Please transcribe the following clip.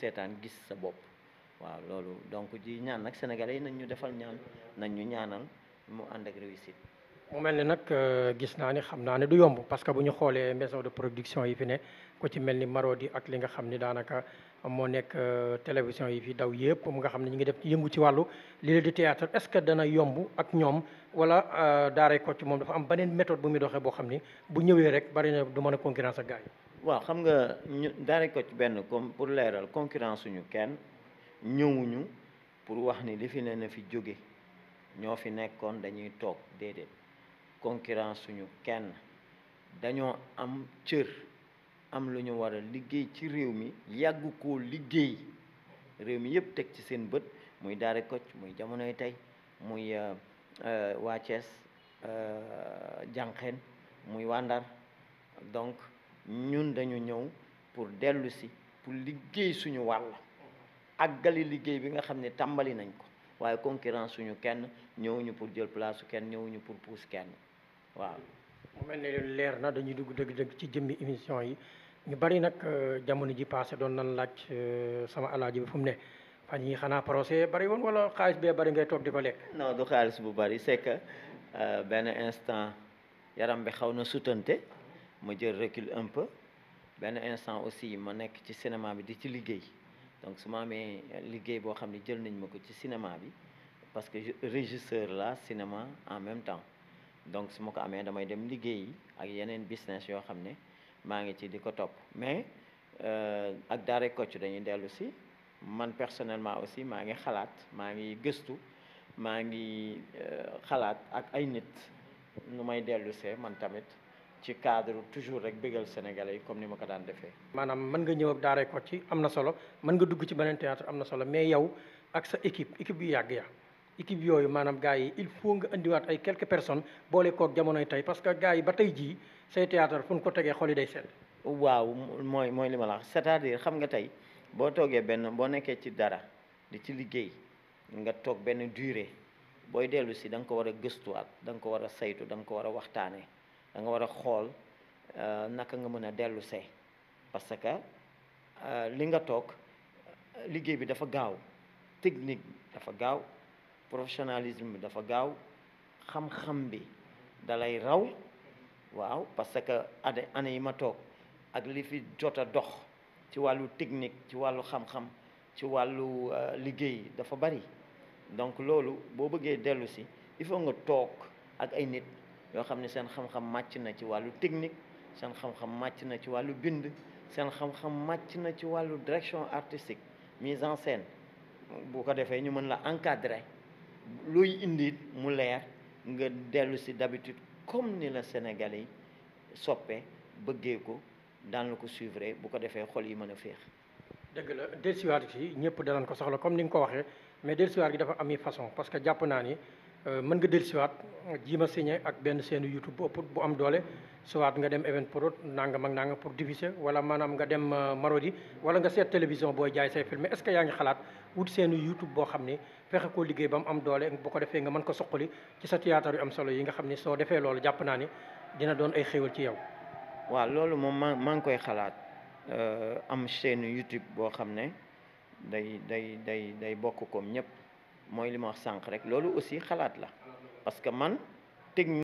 seetaan gis sa bopp waaw loolu donc ji ñaan nag sénégalais yi nañ ñu defal ñaan nañ ñu ñaanal mu ànd ak réussite. mu mel ni nag euh, gis naa ni xam naa ne du yomb parce que bu ñu xoolee maison de production yi fi ne ku ci mel ni Marodi ak li nga xam ni daanaka moo nekk euh, télévision yi fi daw yëpp mu nga xam ne ñu ngi def yëngu ci wàllu lii di théâtre est-ce que dana yomb ak ñoom wala euh, daaray Kocc moom dafa am beneen méthode bu muy doxee boo xam ni bu ñëwee rek bari na du mën a concurrence gars yi. waaw xam nga ñu daare benn comme pour leeral concurrence suñu kenn ñëwuñu pour wax ni li fi ne na fi jóge ñoo fi nekkoon dañuy toog déedéet concurrence suñu kenn dañoo am cër am lu ñu war a liggéey ci réew mi yàgg koo liggéey réew mi yëpp teg ci seen bët muy daare muy jamonoy tey muy euh, euh, waa Thiès jànqeen euh, muy waa donc ñun dañu ñëw pour dellu si pour liggéey suñu ak gali liggéey bi nga xam ne tàmbali nañ ko waaye concurrence suñu kenn ñëwuñu pour jël place kenn ñëwuñu pour pousse kenn waaw. mu mel ne leer na dañuy dugg dëgg-dëgg ci jëmmi émission yi ñu bari nag euh, jamono ji passé doon nan laaj euh, sama alaaji bi fu mu ne fan yii xanaa procès bari woon wala xaalis bee bari ngay toog di ko lekk. non du xaalis bu bari c'est que euh, benn instant yaram bi xaw na sutante. ma jël recul un peu benn instant aussi ma nekk ci cinéma bi di ci liggéey donc su ma amee liggéey boo xam ne jël nañ ma ko ci cinéma bi parce que régisseur la cinéma en même temps donc su ma ko amee damay dem liggéeyi ak yeneen business yoo xam ne maa ngi ci di ko topp mais euh, ak Daaray Kocc dañuy dellu si man personnellement aussi maa ngi xalaat maa ngi gëstu maa ngi euh, xalaat ak ay nit nu may dellu see man tamit ci cadre toujours rek bégal sénégalais yi comme ni ma ko daan defee. maanaam mën nga ñëw ak ko ci am na solo mën nga dugg ci beneen théâtre am na solo mais yow ak sa équipe équipe yu yàgg ya équipe yooyu maanaam gars yi il faut nga indiwaat ay quelques personnes boole koog jamonoy tey parce que gars yi ba tey jii say théâtre fu ñu ko tegee xol yi day sedd. waaw mooy mooy li ma la wax cest xam nga tey boo toogee benn boo nekkee ci dara di ci liggéey nga toog benn durée booy dellu si da nga ko war a gëstuwaat da nga ko war a saytu da nga ko war a waxtaanee. da nga war a xool euh, naka nga mën a dellu see parce que euh, li nga toog liggéey bi dafa gaaw technique bi dafa gaaw professionnalisme bi dafa gaaw xam-xam bi dalay raw waaw parce que ade année yi ma toog ak li fi jot a dox ci wàllu technique ci wàllu xam-xam ci wàllu euh, liggéey dafa bari donc loolu boo bëggee dellu si il faut nga toog ak ay nit yoo xam ne seen xam-xam màcc na ci wàllu technique seen xam-xam màcc na ci wàllu bind seen xam-xam màcc na ci wàllu direction artistique mise en scène bu ko defee ñu mën la encadre luy indi mu leer nga dellu si d'habitude comme ni la Sénégalais yi soppe bëggee ko daan la ko suivre bu ko defee xol yi mën a féex. dëgg la dellusiwaat gi ñëpp danañ ko soxla comme ni nga ko waxee mais dellusiwaat gi dafa am façon parce que jàpp naa ni. Euh, mën nga dellu siwaat jiima signé ak benn seen YouTube bu bu am doole soit nga dem event pro nangam ak nanga pour diffuser wala maanaam nga dem euh, Marodi wala nga seet télévision booy jaay say film est-ce que yaa ngi xalaat wut seen YouTube boo xam ni fexe ko liggéey ba mu am doole bu ko defee nga mën ko soqali ci sa théâtre yu am solo yi nga xam ni soo defee loolu jàpp naa ni dina doon ay xéwal ci yow. waa loolu moom maa maa ngi koy xalaat euh, am chaîne YouTube boo xam ne day day day day bokk ñëpp. mooy li ma wax sànq rek loolu aussi xalaat la parce que man